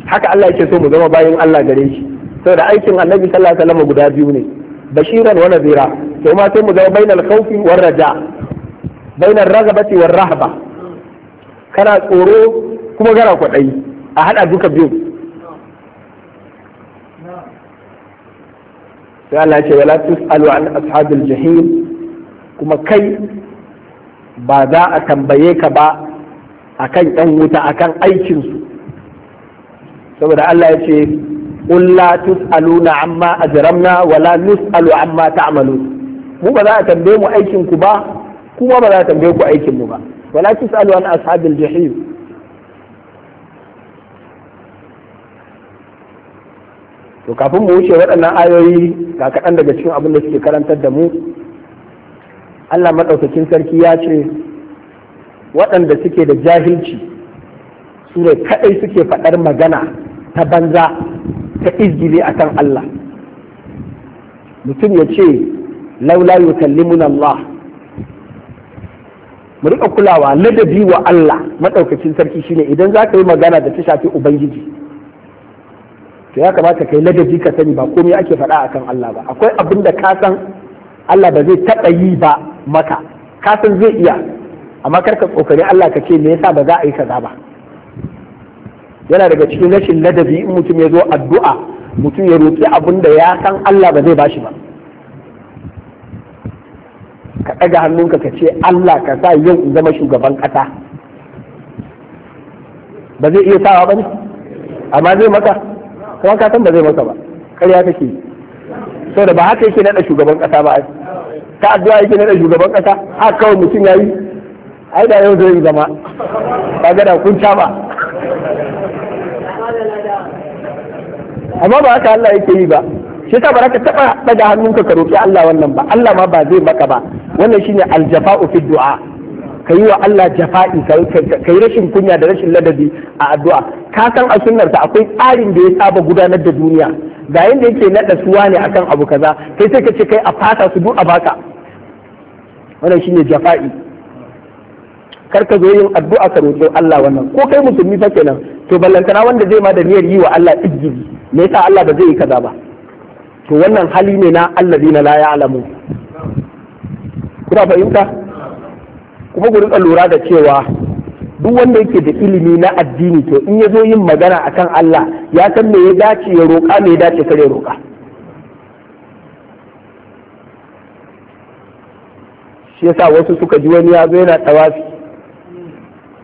haka Allah yake so mu zama bayan Allah gare shi saboda aikin annabi sallallahu alaihi wasallam guda biyu ne bashiran wa nadira to ma sai mu zama bainal khawfi war raja bainar ragabati war rahba kana tsoro kuma gara kwaɗayi a haɗa duka biyu sai Allah ce wala tus'alu an ashabil jahim kuma kai ba za a tambaye ka ba akan ɗan wuta akan su saboda Allah ya ce قل لا تسألون عما أجرمنا ولا نسأل عما تعملون mu ba za a tambaye mu aikin ku ba kuma ba za a tambaye ku aikin mu ba wala tusalu an ashabil jahim to kafin mu wuce waɗannan ayoyi ga kaɗan daga cikin abin da suke karantar da mu Allah maɗaukakin sarki ya ce waɗanda suke da jahilci su ne kaɗai suke faɗar magana ta banza ta izgili kan Allah mutum ya ce laula yukallimuna Allah mu rika kulawa ladabi wa Allah madaukakin sarki shine idan za ka yi magana da ta shafi ubangiji to ya kamata kai ladabi ka sani ba komai ake faɗa akan Allah ba akwai abin da ka san Allah ba zai taɓa yi ba maka ka san zai iya amma kar ka kokari Allah ka ce me yasa ba za a yi kaza ba yana daga cikin rashin ladabi in mutum ya zo addu'a mutum ya roƙi abin da ya san Allah ba zai bashi ba ɗaga hannunka ka ce Allah ka sa yau in zama shugaban ƙasa ba zai iya sawa ba ne amma zai maka kuma ka san ba zai maka ba ƙarya kake sau da ba haka yake naɗa shugaban ƙasa ba ai ta addu'a yake naɗa shugaban ƙasa a kawai mutum ya yi ai da yau zai zama ba ga da kun ba amma ba haka Allah yake yi ba shi yasa ba ka taba daga hannunka ka roki Allah wannan ba Allah ma ba zai maka ba wannan shine aljafa'u fi du'a ka wa Allah jafa'i ka yi rashin kunya da rashin ladabi a addu'a ka san a sunnarsa akwai tsarin da ya saba gudanar da duniya ga yanda yake nada suwa ne akan abu kaza kai sai ka ce kai a fasa su du'a baka wannan shine jafa'i kar ka zo yin addu'a ka roƙi Allah wannan ko kai musulmi fa kenan to ballantana wanda zai ma da niyyar yi wa Allah ijjibi me yasa Allah ba zai yi kaza ba to wannan hali ne na na la alamu kuna fahimta kuma ku rika lura da cewa duk wanda yake da ilimi na addini to in ya zo yin magana akan Allah ya san me ya dace ya roƙa me ya dace kare roƙa shi yasa wasu suka ji wani ya zo yana tawafi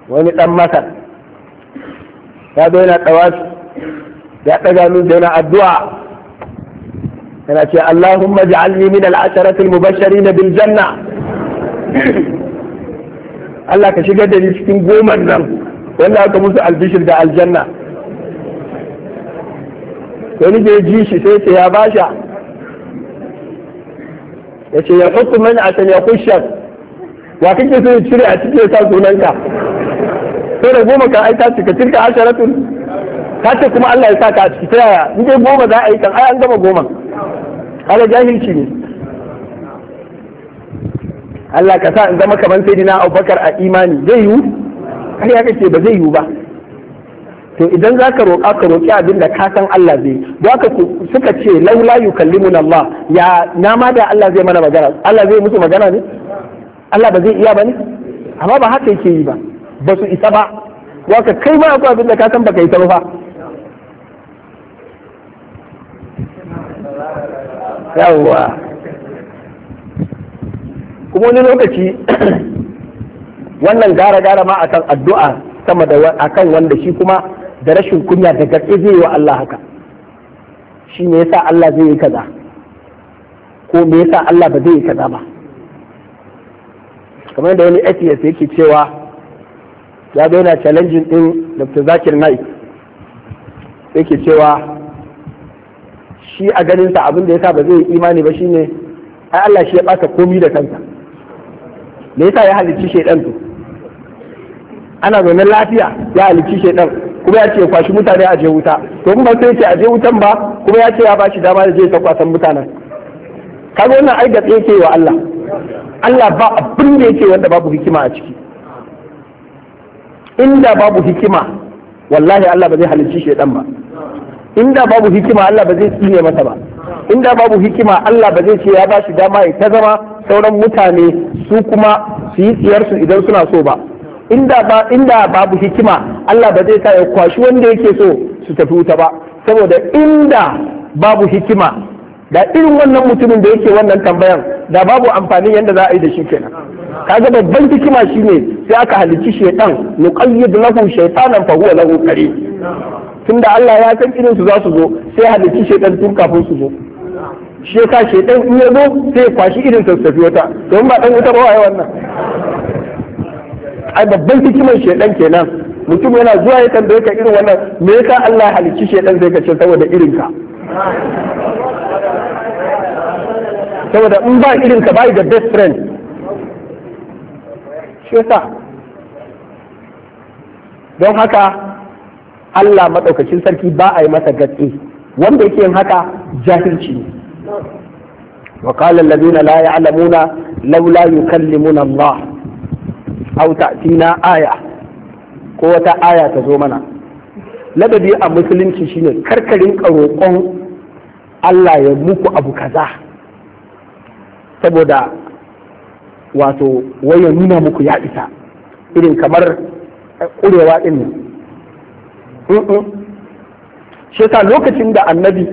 wani dan masar ya zo yana tawafi ya ɗaga min yana addu'a yana ce Allahumma ja'alni min al-asharatil mubashirin biljanna. Allah ka shigar da ni cikin goman nan wanda aka musu albishir da aljanna wani bai ji shi sai ce ya basha ya ce ya hukku man a ya kushar wa kake so ya cire a cikin sa sunanka sai da goma ka aika ka tilka asharatun ka ce kuma Allah ya sa ka a ciki ta yaya in dai goma za a yi kan ai an gama goma kaga jahilci ne Allah ka sa in zama kamar sai dina abubakar a imani zai yiwu kai ya kace ba zai yiwu ba to idan za ka roƙa ka roƙi abin da ka san Allah zai don haka suka ce laula yukallimuna Allah ya na ma da Allah zai mana magana Allah zai musu magana ne Allah ba zai iya ba ne amma ba haka yake yi ba ba su isa ba waka kai ma akwai abin da ka san baka yi ta ba yawwa kuma wani lokaci wannan gara-gara ma akan addu'a sama da akan wanda shi kuma da rashin kunya da gaske zai wa Allah haka shi me yasa Allah zai yi kaza ko me yasa Allah ba zai yi kaza ba kamar da wani atheist yake cewa ya zo yana challenging din Dr. Zakir Naik yake cewa shi a ganinsa abin da sa ba zai yi imani ba shine ai Allah shi ya baka komi da kansa me yasa ya halicci shaidan to ana zaune lafiya ya halicci shaidan kuma ya ce kwashi mutane a je wuta to kuma sai ce a je wutan ba kuma ya ce ya bashi dama da je ta kwasan mutanen kaga wannan ai gatse yake wa Allah Allah ba abin da yake wanda babu hikima a ciki inda babu hikima wallahi Allah ba zai halicci shaidan ba inda babu hikima Allah ba zai tsine masa ba inda babu hikima Allah ba zai ce ya bashi dama ya ta zama sauran mutane su kuma su yi tsiyarsu idan suna so ba inda ba inda babu hikima Allah ba zai sa ya kwashi wanda yake so su tafi wuta ba saboda inda babu hikima da irin wannan mutumin da yake wannan tambayan da babu amfani yadda za a yi da shi kenan kaga babban hikima shine sai aka halicci shaytan nuqayyid lahu shaytanan fa huwa lahu qarin Tun da Allah ya san irin su za su zo sai halitti shaitan tun kafin su zo shi yasa shaitan in ya zo sai ya kwashi irin sassafi wata don ba dan wuta ba wa wannan ai babban hikimar shaitan kenan mutum yana zuwa ya kan ka irin wannan me yasa Allah ya halicci shaitan zai kace saboda irin ka saboda in ba irin ka bai da best friend shi yasa don haka Allah maɗaukacin sarki ba a yi masa gatsi wanda yake yin haka jahilci ne wa qala alladhina la ya'lamuna laula yukallimuna Allah aw ta'tina aya ko wata aya ta zo mana ladabi a musulunci shine karkarin roƙon Allah ya muku abu kaza saboda wato wai nuna muku ya isa irin kamar ƙurewa ɗin shi yasa lokacin da annabi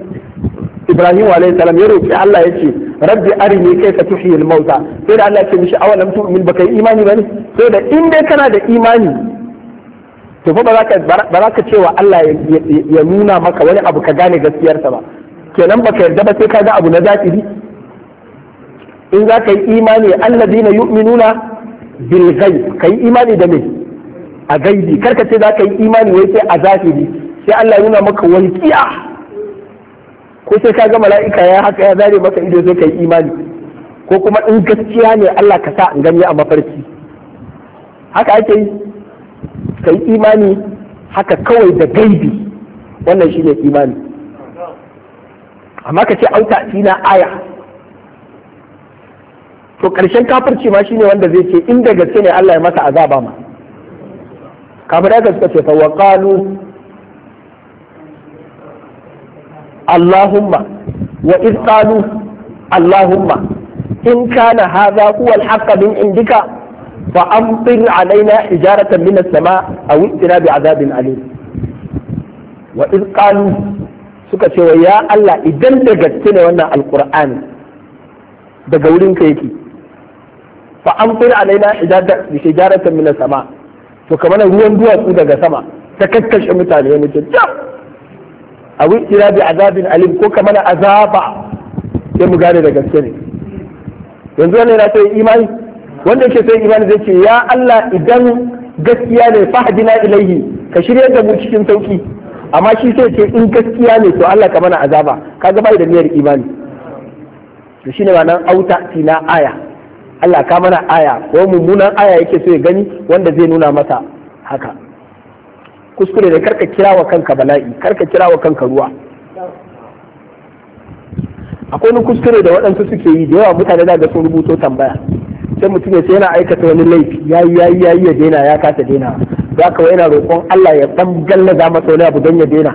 Ibrahim alayhi salam ya roki Allah ya ce rabbi arini kaifa tuhyil mauta sai da Allah ya ce mishi awalam tu'min baka yi imani bane sai da in dai kana da imani to fa ba za ka cewa Allah ya nuna maka wani abu ka gane gaskiyarsa ba kenan baka yarda ba sai ka ga abu na zahiri in za ka yi imani alladina yu'minuna bil ghaib kai imani da me a gaibi karka ce za ka yi imani wai sai a zahiri sai Allah nuna maka walƙiya ko sai ka ga mala'ika ya haka ya zare maka ido sai ka yi imani ko kuma in gaskiya ne Allah ka sa in gani a mafarki haka ake yi ka yi imani haka kawai da gaibi wannan shine imani amma ka ce auta tina aya to ƙarshen kafirci ma shine wanda zai ce inda gaske ne Allah ya masa azaba ma kamar haka suka ce fa qalu Allahumma wa id Allahumma in kana haza huwa al-haqq min indika fa amtir alaina hijaratan min as-sama' a itina bi azabin alim wa id suka ce wa ya Allah idan da gaske ne wannan alqur'ani daga wurin ka yake fa amtir alaina hijaratan min as-sama' to kamar ruwan duwatsu daga sama ta kakkashe mutane ya mutu jam a wikira bi azabin alim ko kamar azaba sai mu gane da gaske ne yanzu wani na sai imani wanda yake sai imani zai ce ya Allah idan gaskiya ne fahadina ilaihi ka shirya da mu cikin sauki amma shi sai ce in gaskiya ne to Allah ka mana azaba kaga bai da niyyar imani to shine ma nan auta tina aya Allah ka mana aya ko mummunan aya yake so ya gani wanda zai nuna masa haka kuskure ne karka kira wa kanka bala'i karka kira wa kanka ruwa akwai wani kuskure da waɗansu suke yi da yawa mutane da ga sun rubuto tambaya sai mutum ya ce yana aikata wani laifi Ya yi ya yi ya daina ya kasa daina za ka yana roƙon Allah ya dan gallaza masa wani abu don ya daina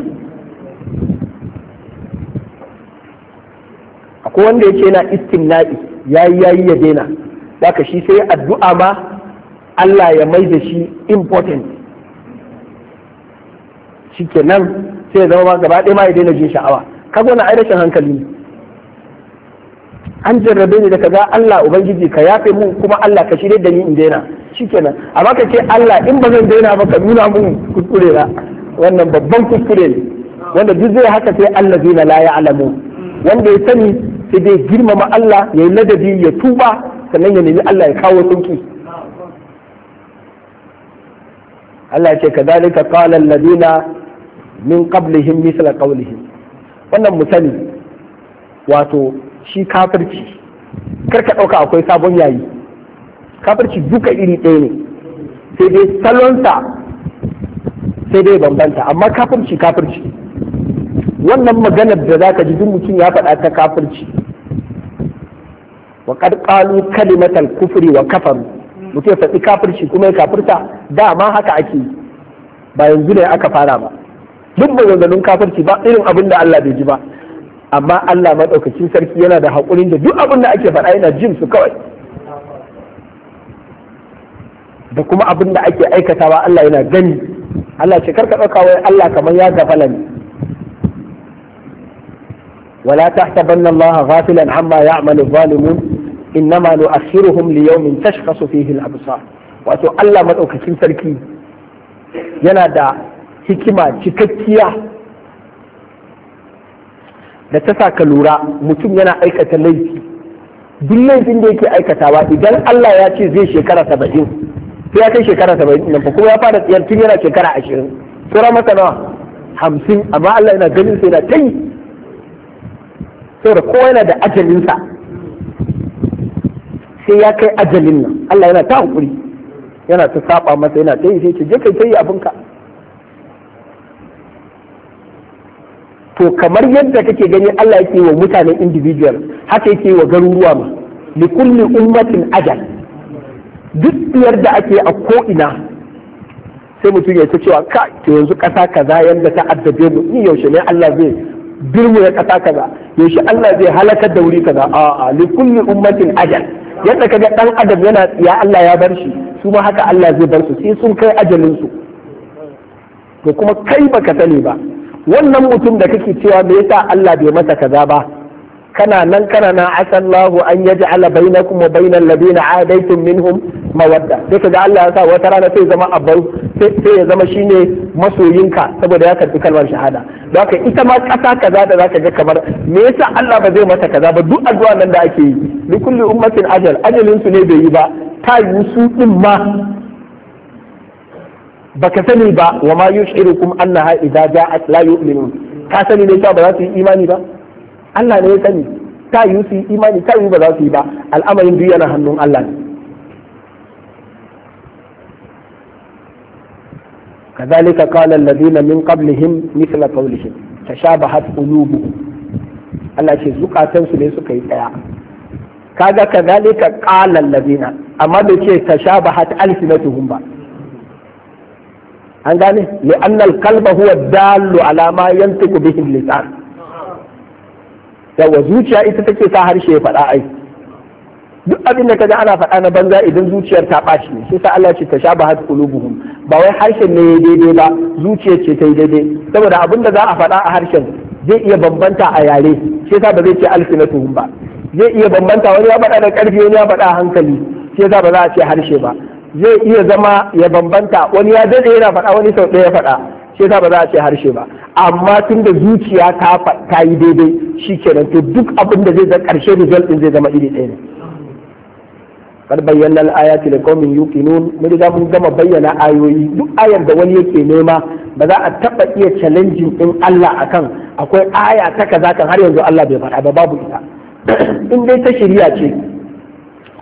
akwai wanda yake yana istimna'i ya yi ya daina zaka shi sai addu'a ma Allah ya mai da shi important shi kenan sai zama ma gaba ɗaya ma ya daina jin sha'awa kaga wani ai rashin hankali an jarrabe ni da kaga Allah ubangiji ka yafe mu kuma Allah ka shirye da ni in daina A amma ka ce Allah in ba zan daina ba ka nuna mun kuskure na wannan babban kuskure ne wanda duk zai haka sai Allah zai na la alamu. wanda ya sani sai dai girmama Allah ya yi ladabi ya tuba sannan ya nemi Allah ya kawo sauki Allah ce kadhalika qala alladhina min qablihim misla qawlihim wannan misali wato shi kafirci karka ɗauka akwai sabon yayi kafirci duka iri ɗaya ne sai dai salonsa sai dai bambanta amma kafirci kafirci wannan maganar da zaka ji duk mutum ya faɗa ta kafirci wa kad qalu kufri wa kafar mutum faɗi kafirci kuma ya kafirta dama haka ake ba yanzu ne aka fara ba duk maganganun kafirci ba irin abin da Allah bai ji ba amma Allah maɗaukacin sarki yana da haƙurin da duk abin da ake faɗa yana jin su kawai da kuma abin da ake aikatawa Allah yana gani Allah ce karka ɗauka wai Allah kamar ya gafala ne wala tahtabanna Allah ghafilan amma ya'malu zalimun innama nu'akhiruhum li yawmin tashkhasu fihi wato Allah madaukakin sarki yana da hikima cikakkiya da ta sa ka lura mutum yana aikata laifi duk laifin da yake aikatawa idan Allah ya ce zai shekara saba'in sai ya kai shekara saba'in nan kuma ya fara tsayar tun yana shekara ashirin sura masa nawa hamsin amma Allah yana ganin sai na ta yi saboda kowa yana da ajalinsa sai ya kai ajalin nan Allah yana ta hukuri yana ta saba masa yana ta yi sai ce je kai ta yi abinka to kamar yadda kake gani Allah yake wa mutane individual haka yake wa garuruwa ma li kulli ummatin ajal duk da ake a ko ina sai mutum ya ce cewa ka to yanzu kasa kaza yanda ta addabe mu ni yaushe ne Allah zai birmu ya kasa kaza yaushe Allah zai halakar da wuri kaza a a li kulli ummatin ajal yadda kaga dan adam yana ya Allah ya bar shi su ma haka Allah zai bar su sai sun kai ajalin su to kuma kai baka sani ba wannan mutum da kake cewa me yasa Allah bai masa kaza ba kana nan kana nan asallahu an na kuma wa bainal ladina adaitum minhum mawadda sai ga Allah ya sa wata rana sai zama abau sai ya zama shine masoyinka saboda ya karbi kalmar shahada don haka ita ma kasa kaza da zaka ga kamar me yasa Allah ba zai mata kaza ba duk addu'a nan da ake yi li kulli ummatin ajal ajalin su ne bai yi ba ta yi su din ma baka sani ba wa ma yushirukum annaha idza ja'at la yu'minun ka sani ne cewa ba za su yi imani ba Allah ne ya sani ta yi su yi imani ta yi ba za su yi ba al'amarin duk yana hannun Allah ne كذلك قال الذين من قبلهم مثل قولهم تشابهت قلوبهم Allah ce zukatansu ne suka yi tsaya kaga kadhalika qala allazina amma da ce tashabahat alsinatuhum ba an gane li anna alqalba huwa dallu ala ma yawa zuciya ita take sa harshe ya faɗa ai duk abin da kaga ana faɗa na banza idan zuciyar ta ɓaci ne sai sa Allah ce ta sha bahat qulubuhum ba wai harshen ne ya daidai ba zuciyar ce ta yi daidai saboda abin da za a faɗa a harshen zai iya bambanta a yare sai sa ba zai ce alfinatuhum ba zai iya bambanta wani ya faɗa da ƙarfi wani ya faɗa a hankali sai sa ba za a ce harshe ba zai iya zama ya bambanta wani ya daɗe yana faɗa wani sau ɗaya ya faɗa sai ba za a ce harshe ba amma tun da zuciya ta yi daidai shi kenan to duk abin da zai zama ƙarshe result din zai zama iri ɗaya ne kar bayyana al-ayati liqaumin yuqinun mun riga mun gama bayyana ayoyi duk ayar da wani yake nema ba za a taba iya challenging din Allah akan akwai aya ta kaza kan har yanzu Allah bai faɗa ba babu ita in dai ta shari'a ce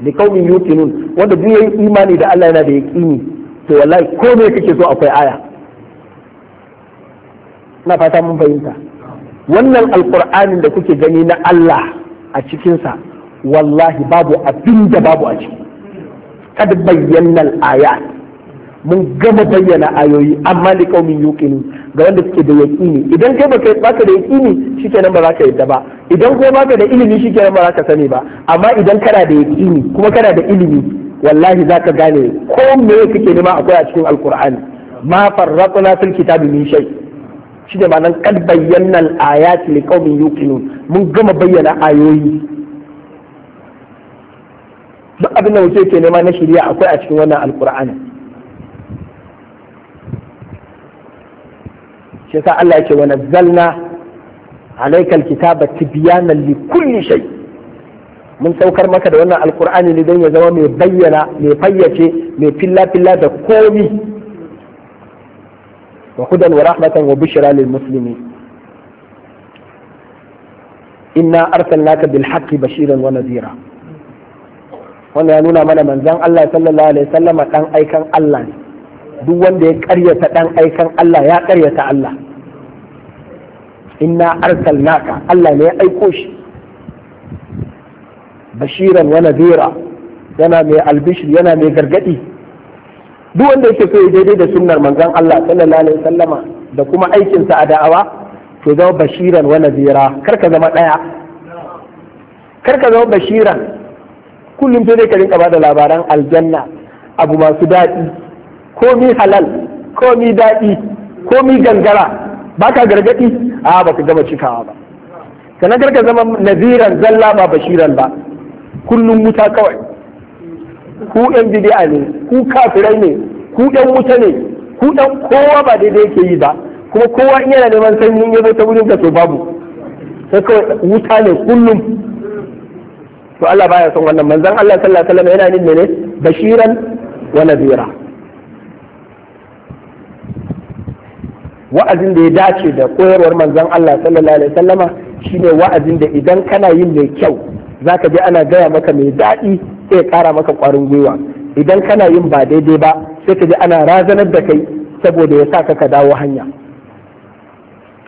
liqaumin yuqinun wanda duk yayi imani da Allah yana da yaqini to wallahi me kake so akwai aya na fata mun fahimta wannan alkur'anin da kuke gani na Allah a cikinsa wallahi babu abin da babu a ciki kad bayyana al'ayat mun gama bayyana ayoyi amma li qaumin yuqinu ga wanda suke da yaqini idan kai baka baka da yaqini shikenan ba za ka yadda ba idan kuma baka da ilimi shikenan ba za ka sani ba amma idan kana da yaqini kuma kana da ilimi wallahi za ka gane ko me kake nema akwai a cikin alkur'ani ma farraqna fil kitabi min shay' shi ne ma'anar kad bayyana al'ayat li qaumin yuqinun mun gama bayyana ayoyi duk abin da mutum ke nema na shirya akwai a cikin wannan alkur'ani shi yasa Allah yake wa nazzalna alayka alkitaba biya li kulli shay mun saukar maka da wannan alkur'ani ne don ya zama mai bayyana mai fayyace mai filla filla da komi وهدى ورحمة وبشرى للمسلمين إنا أرسلناك بالحق بشيرا ونذيرا wannan ya nuna mana manzan Allah sallallahu alaihi wasallam dan aikan Allah ne duk wanda ya karyata dan aikan Allah ya karyata Allah inna arsalnaka Allah ne ya aiko shi bashiran wa nadira yana mai albishir yana mai gargadi duk wanda yake so ya daidai da sunnar manzon Allah sallallahu alaihi wasallama da kuma aikinsa a da'awa to zama bashiran wa nazira kar ka zama daya kar ka zama bashiran kullum sai ka rinka bada labaran aljanna abu masu daɗi komi halal komi daɗi komi gangara baka gargadi a ka gama cikawa ba sannan kar ka zama naziran zalla ba bashiran ba kullum wuta kawai ku ɗan bid'a ne ku kafirai ne ku ɗan wuta ne ku ɗan kowa ba daidai yake yi ba kuma kowa in yana neman sanyi ya zo ta wurin ka to babu sai kawai wuta ne kullum to Allah baya son wannan manzon Allah sallallahu alaihi wasallam yana nin ne bashiran wa nadira wa'azin da ya dace da koyarwar manzon Allah sallallahu alaihi wasallama shine wa'azin da idan kana yin mai kyau zaka je ana gaya maka mai daɗi sai ya kara maka kwarin gwiwa idan kana yin ba daidai ba sai ka ji ana razanar da kai saboda ya sa ka ka dawo hanya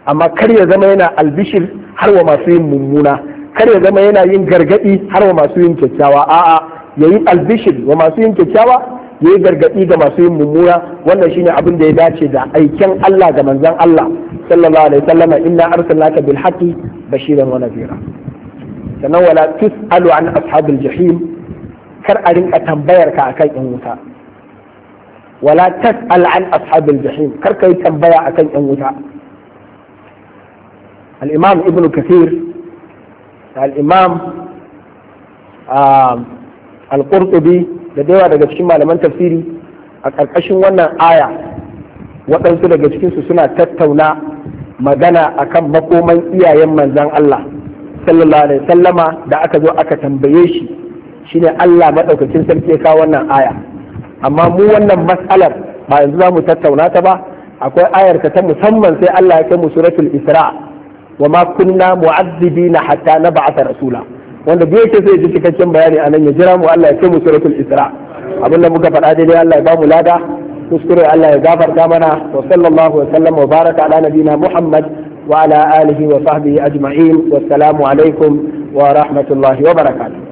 amma kar ya zama yana albishir har wa masu yin mummuna kar ya zama yana yin gargadi har wa masu yin kyakkyawa a'a yayi albishir wa masu yin kyakkyawa yayi gargadi ga masu yin mummuna wannan shine abin da ya dace da aikin Allah ga manzon Allah sallallahu alaihi wasallam inna arsalnaka bil haqqi bashiran wa nadhira sannan wala tusalu an ashabil jahim kar a rinka tambayar ka akan yan wuta wala tas'al an ashabil jahim kar kai tambaya akan yan wuta al-imam ibnu kathir al-imam ah, al-qurtubi da dawa daga cikin malaman tafsiri a ƙarƙashin wannan aya waɗansu daga cikinsu suna tattauna magana akan makoman iyayen manzan Allah sallallahu alaihi sallama da aka zo aka tambaye shi shine Allah madaukakin sarki ya kawo wannan aya amma mu wannan matsalar ba yanzu za mu tattauna ta ba akwai ayar ta musamman sai Allah ya kai mu suratul isra wa ma kunna mu'azzibina hatta nab'atha rasula wanda bai yake sai ji cikakken bayani anan ya jira mu Allah ya kai mu suratul isra abin da muka faɗa daidai Allah ya ba mu lada kuskure Allah ya gafarta mana wa sallallahu wa sallam wa baraka ala nabina Muhammad wa ala alihi wa sahbihi ajma'in wassalamu alaikum wa wa